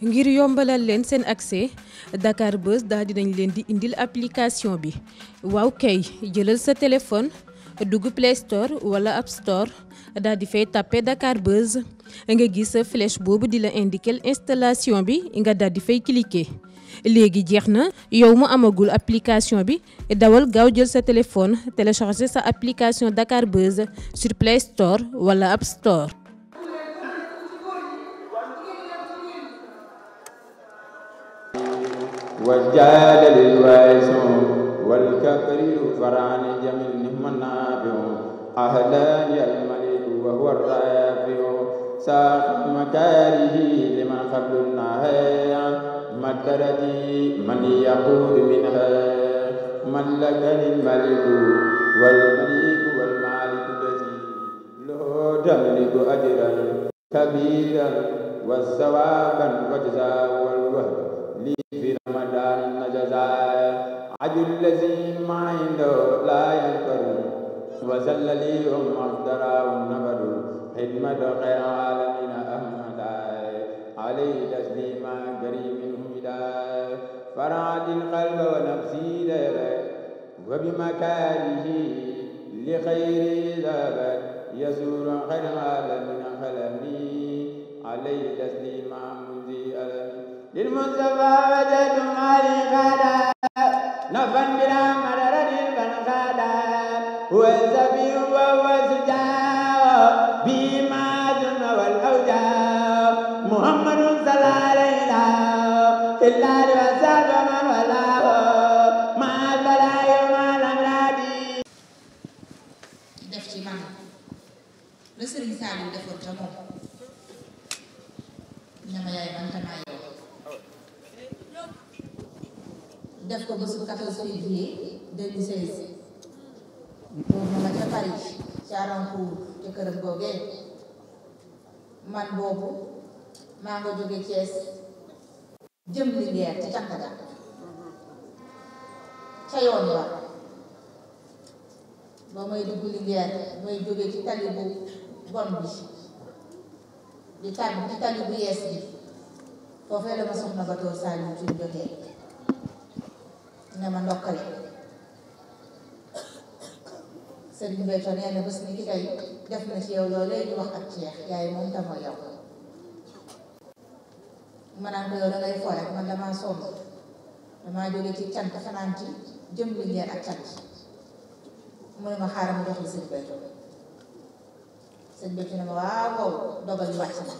ngir yombalal leen seen accès Dakar Buzz daal dinañ leen di indil application bi waaw kay jëlal sa téléphone dugg Play Store wala App Store daal di fay tàppe Dakar Buzz nga gis sa flèche boobu di la indiquer installation bi nga daal di fay cliquer léegi jeex na yow mu amagul application bi dawal gaaw jël sa téléphone télécharger sa application Dakar Buzz sur Play Store wala App Store. وجعل للوائس والكبري فرعن جميل نعم نافع أهلا يا الملك وهو الرافع ساق مكاره لمن قبل النهاية مدرتي من يقود منها من لكني الملك والملك والمالك الذي له تملك أجرا كبيرا وثوابا وجزاء والوهب عجل الذي ما عنده لا ينكر وزل لي ومصدر والنبر خدمة خير عالمين أحمد عليه تسليما كريم هداي فرعد القلب ونفسي دير وبمكاره لخير ذهب يسور خير عالمين خلمي عليه تسليما منزي للمصطفى وجد مالي غدا نفا بلا مرر للبنخالا هو السفي وهو سجاع بما ذن والأوجاع محمد صلى الله عليه إلا لوسع من ولاه ما البلاء وما الأمراض def ci man la Sëriñ Saliou defoon ca moom ko bésu 14 février 2016. boobu ma ca Paris ca Arancourt ca këram googee man boobu maa nga jóge Thiès jëm Linguère ci cànq ga ca yoon wa ba may dugg Linguère may jóge ci tali bu bon bi di tali di tali bu yees bi foofee la ma soxna ba toor Saliou ci jotee ne ma ndokkal Serigne Béthio nee na bés ni ki def na ci yow loolee ñu wax ak ceex yaay moom tamoo yow ma naan ko yow da ngay foo rek man damaa sonn damaa ci cant fanaan ci jëm li ak cant mooy ma xaaral ma jox la Serigne Béthio Serigne Béthio ne ma waaw wow dogal wàcc na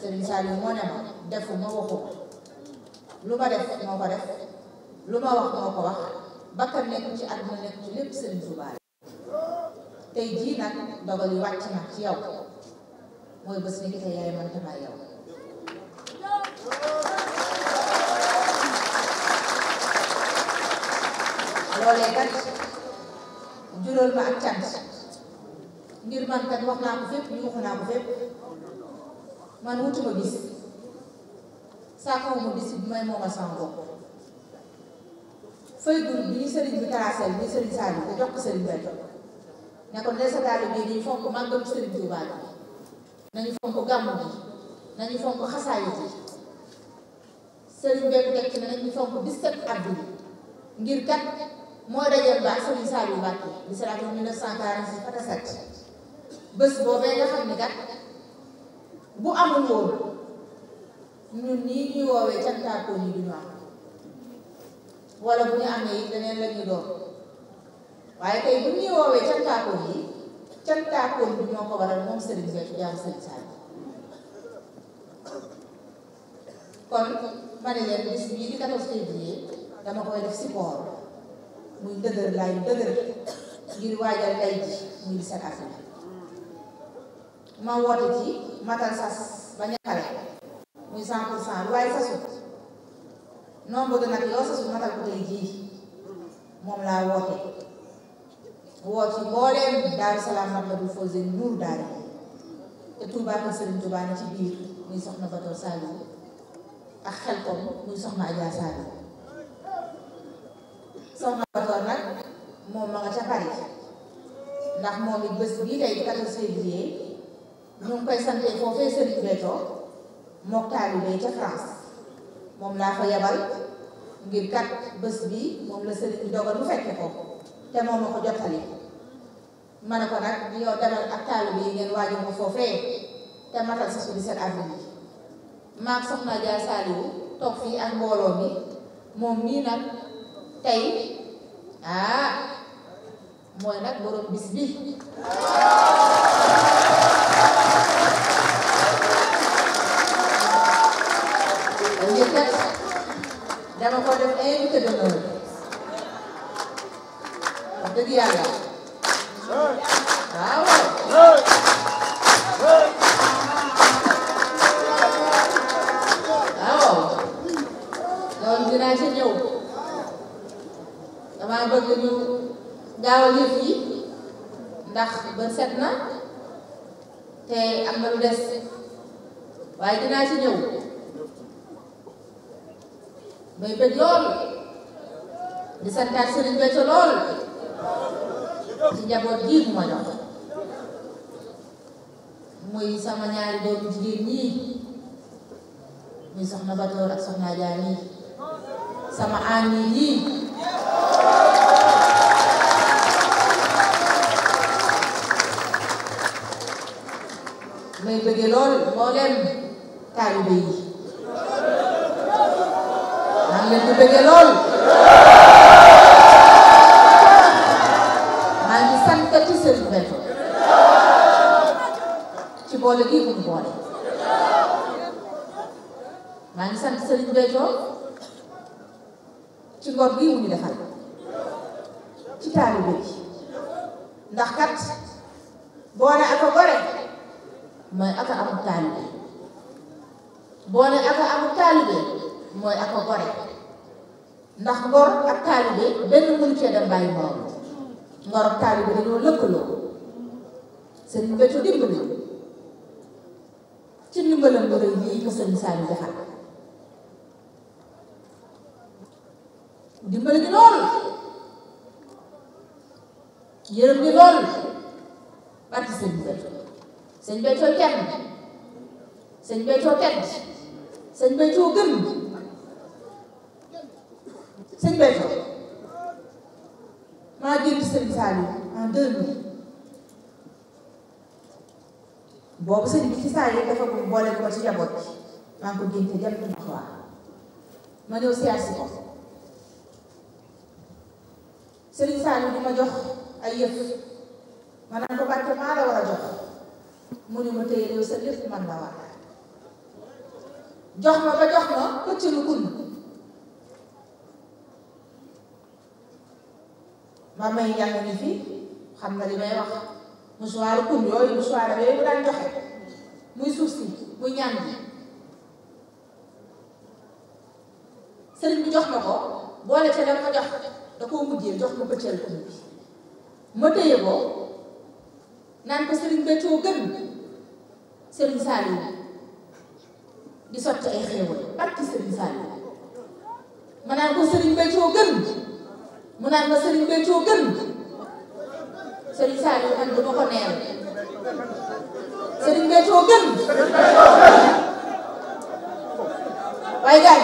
Serigne Saliou moo ne ma defu ma waxu lu ma def moo ko def lu ma wax moo ko wax bakkan nekk ci àdduna nekk ci lépp Serigne Touba tey jii nag dogal yi wàcc na ci yow mooy bés ni ki tey yaay man damaa yow loolee kat jural ma ak cant ngir man kat wax naa ko fépp yuuxu naa ko fépp man wutuma bis saa kaw ma bis bi may mooma sama bopp feuille bul bii Serigne bi taasal bii Serigne Saliou te jox ko Serigne Bethio ne ko ne sa daal bii nii fonk màggalu Serigne bi nañu fonk gàmm bi nañu fonk xasaayu bi bi ngir kat moo dajeel ba Serigne Saliou Mbacké bi si rajo 1946 47 bés boobee nga xam ne kat bu amul woon ñun nii ñuy woowee cantaakoo yi du ñu am. wala bu ñu amee it leneen la ñuy doon waaye tey bu ñuy woowee cantaakoon yi cantaakoon bi ñoo ko waral moom Serigne Seck jaam Serigne Sall kon ma ne leen bis bii di 14 février dama koy def support muy dëgër laay dëgër ngir waajal lay ji muy di sakaat bi ma woote ci matal sas bañ a xale muy 100 pour waaye sasut nombre de nag yoo sa su matal ko tey jii moom laa woote woo ci mbooleem Daaru Salaam Matlaboul Fawzeyni Nuuru Daara te Touba ak Serigne Touba ni ci biir muy soxna Bator Saliou ak xel kom muy soxna Adja soxna Bator nag moom ma nga ca Paris ndax moom it bés bii tey 14 février ñu ngi koy sante foofee Serigne Béthio mook taalibe ca France moom naa fa yebal ngir kat bés bi moom la sëriñ bi dogal bu ko te moom ma ko jottali ma ne ko nag yow demal ak taalibe yi ngeen waaju ko foofee te matal sa suñu seen avril yi maag soxna Dia Saliou toog fii ak mbooloo mi moom mii tey ah mooy nag borom bis bi invité d'honneur wax dëgg yàlla waaw waaw dinaa ci ñëw damaa bëgg ñu gaawal yëf yi ndax ba set na te am na lu des waaye dinaa ci ñëw day bëgg lool di santaat Sëriñ Béthio lool ci njaboot muy sama ñaari doomu jigéen ñii muy soxna Batoor ak soxna Jaani sama ami yii may bëgg lool mbooleem taalibe yi leen di bëggee lool. maa ngi santati Serigne ci boole gii bu mu boole. maa ngi sant Serigne Béthio ci ngor gii mu ñu ci taalibe ji kat boo ne gore mooy ak a amut taalibe boo ne ak mooy ak gore ndax ngor ak taalibe benn mënu cee dem bàyyi ngor ngor ak taalibe dañoo lëkkaloo sëriñ Béthio dimbali ci ndimbalam bu rëy lii ko sëriñ Saliou defal dimbali ñu lool yërëm ñu lool barki sëriñ Béthio sëriñ Béthio kenn sëriñ Béthio kenn sëriñ Béthio gëm région maa jiitu Serigne Saliou en 2000 boobu sëñ ci Saliou dafa ko boole ko ci njaboot bi maa ngi ko génte jàpp na ko ma ñëw siyaar si ko Serigne Saliou di ma jox ay yëf ma naan ko barke maa la war a jox mu ne ma téye sa yëf man la war jox ma ba jox ma pëcc lu kun maam may njàng ngi fi xam na li may wax musuwaar kun yooyu musuwaar yooyu bu daan joxe muy suuf si muy ñaan bi sëriñ bi jox ma ko boole ca dem ko jox da koo mujjee jox ma bëccël kun bi ma téye ko naan ko sëriñ Béthio gën sëriñ Saliou di sotti ay xéewal barki sëriñ Saliou ma naan ko sëriñ Béthio gën mu naan ma Serigne Béthio gën Serigne Saliou man du ma ko neel Serigne waaye gaañ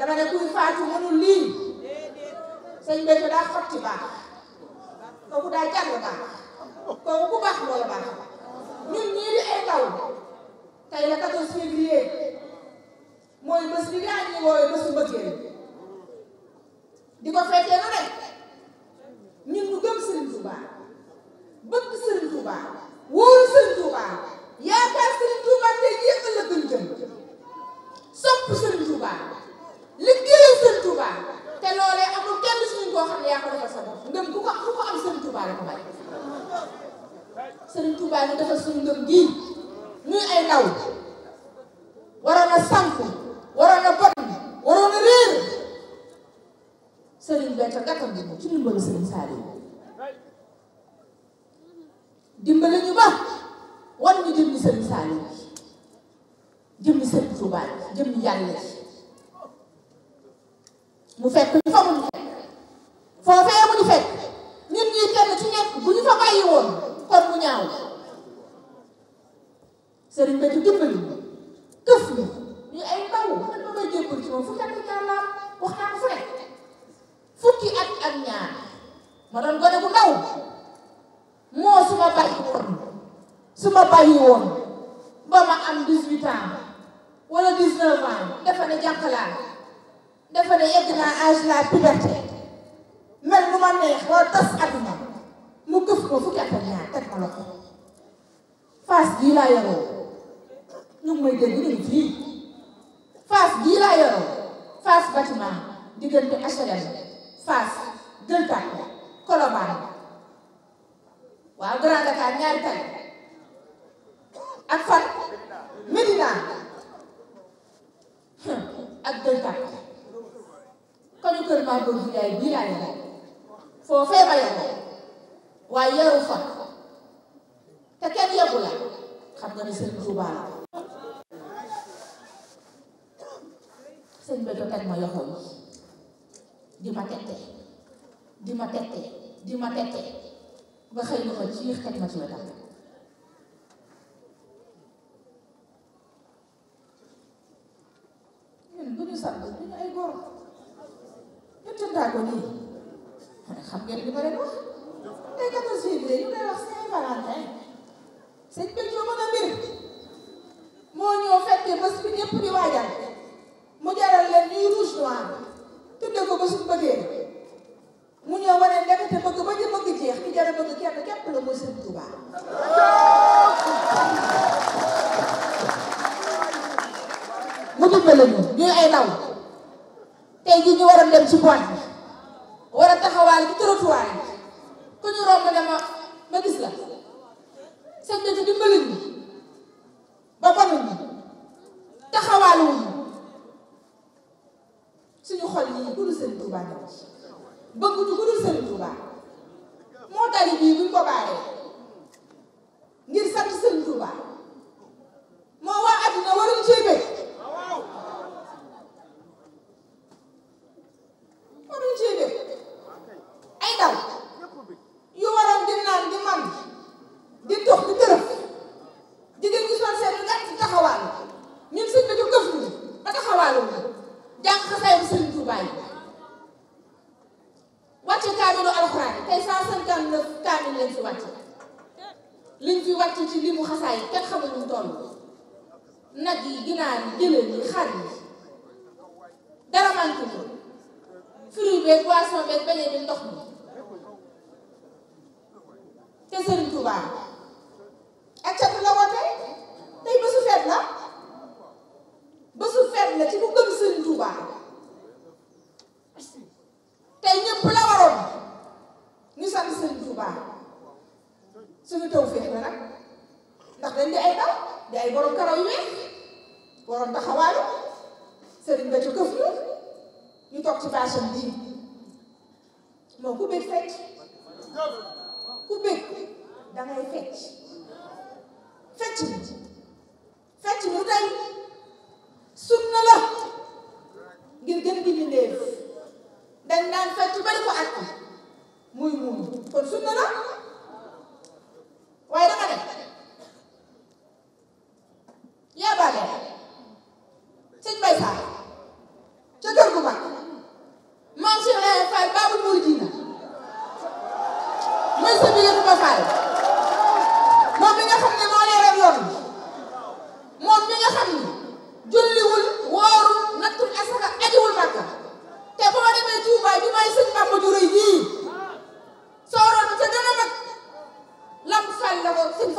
dama ne kuy faatu mënul lii sëñ Béthio daa xotti baax kooku daa jàng baax kooku ku baax moo baax ñun ñii di ay taw tey la 14 février mooy bés bi gaa ñi woowe bésu mbëggeel di ko fekkee na rek ñun ñu gëm Serigne Touba bëgg Serigne Touba wóoru Serigne Touba yaakaar Serigne Touba tey yëpp la gën jëm sopp Serigne Touba. liggéeyal seen Touba te loolee amul kenn suñu koo xam ne yaa ko defal sa bopp ndëm ko ku ko am seen Touba la ko bàyyi. Sëriñ Touba ñu defal suñu ndëm gii ñuy ay ndaw waroon a sànq waroon a bon waroon a réer sëriñ Béthio gàttal bi ci ndimbalu sëriñ Saliou dimbali ñu ba war ñu jëm ni sëriñ Saliou jëm ni sëriñ Touba jëm ni yàlla mu fekk ñu fa mu ñu fekk foofee mu ñu fekk ci nekk bu ñu fa bàyyi woon kon mu ñaaw sëriñ ba ci dimbali këf ñu ñu ay ndaw man ma ko fu nekk ma doon gone bu bàyyi woon ba ma am 18 ans wala 19 ans dafa ne yegg naa âge la puberté mel nu ma neex war tas àdduna mu këf ko fukki at ak ñaar teg ma loxo Fass gii laa yoroo ñu ngi may dégg ñu ngi fii Fass gii laa yoroo Fass bâtiment diggante HLM Fass Gueule Tapée Colobane waaw Grand Dakar ñaari tali ak fan Médina ak Gueule Tapée kañu kër maam Góor Njaay bii laa yoroon foofee ma yoroon waaye yaru fa te kenn yóbbu la xam nga ne Sëriñ Tuubaa la sëñ Béthio teg ma yoxo yi di ma tette di ma tette ba xëy na ma ciix teg ma ci wetam ñun ñu sant naa ko nii xam ngeen li ma leen wax le 14 février ñu koy wax Saint-Valentin sëñ bi a mbir moo ñëw fekkee bés bi ñëpp waajal mu jaral leen ñuy rouge noir tudde ko bés bu bëggee mu ñëw wane ndekete bëgg ba ñu bëgg jeex ki jar a bëgg kenn képp la mooy sëñ Touba mu dimbale ñu ñuy ay ndaw tey jii ñu waroon dem ci boîte war a taxawaale ci trottoir ku ñu romb ne ma gis la sëñ bi dimbali ñu ba banuñ ñu taxawaale wuñ suñu xol yi ku dul Sëriñ Tuubaa bëgg ñu ku dul Sëriñ Tuubaa moo tali bii buñ ko Saalum la jàng xasayam Sëriñ Tuuba yi wàcc kaamilu tey cent cinquante-neuf kaamil lañ fi wàcc liñ fi wàcc ci limu xasaay kenn xamul ñu toll nag yi ginaar yi jëlal yi xar yi dara manqué ñu fruit beeg boisson beeg beñe bi ndox mi te Sëriñ Tuuba ak la woote tey bésu feet la bésu feet la ci ku gëm Serigne Touba tey ñëpp la waroon ñu sant Serigne Touba suñu taw feex la nag ndax dañ di ay daw di ay borom karaw yu weex borom taxawaalu Serigne Béthio këf ñu ñu toog ci baasam bii moo ku bëgg fecc ku bëgg da ngay fecc fecc bi mu tey kon sunna la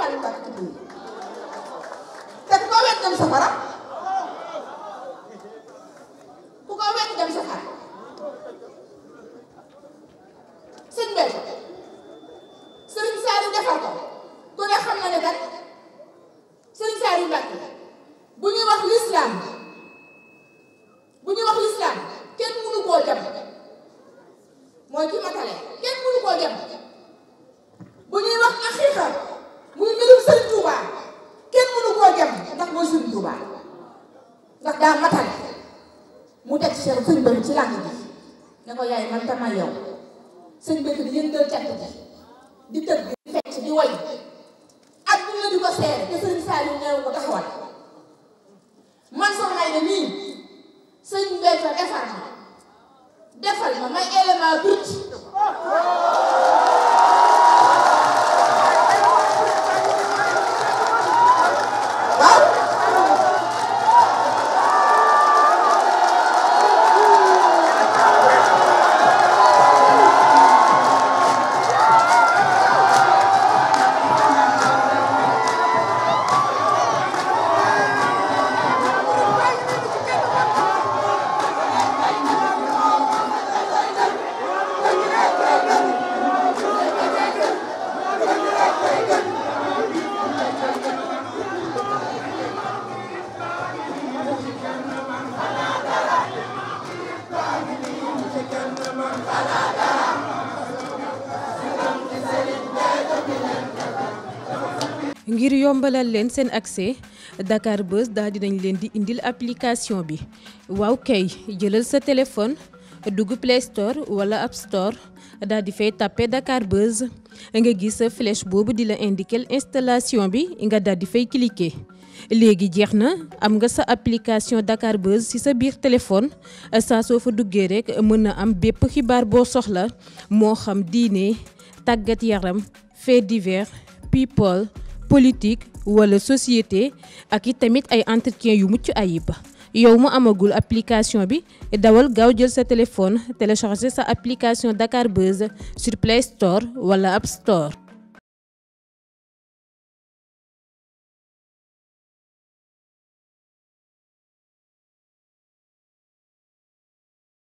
Saliou Mbacké tudd te ku ko wéetal safara sew sëñ bi ci làkk gi ne ko yaay man tamay yow sëñ bi di yëngal cant gi di tëgg di fecc di woy ak di ko seere te sëñ Saliou neew ko taxawal man soxnaay ne nii sëñ Béthio defar ma defal ma may élément brut ngir yombalal leen seen accès Dakar Buzz di dinañ leen di indil application bi waaw kay jëlal sa téléphone dugg Play Store wala App Store daal di fay tapé Dakar Buzz nga gis sa flèche boobu di la indiquer installation bi nga dal di fay cliquer. léegi jeex na am nga sa application Dakar Buzz ci sa biir téléphone saa soo fa duggee rek mën na am bépp xibaar boo soxla moo xam diine tàggat yaram fait divers people politique wala société ak it tamit ay entretien yu mucc ayib yow mu amagul application bi dawal gaaw jël sa téléphone télécharger sa application Dakar Buzz sur Play wala App Store.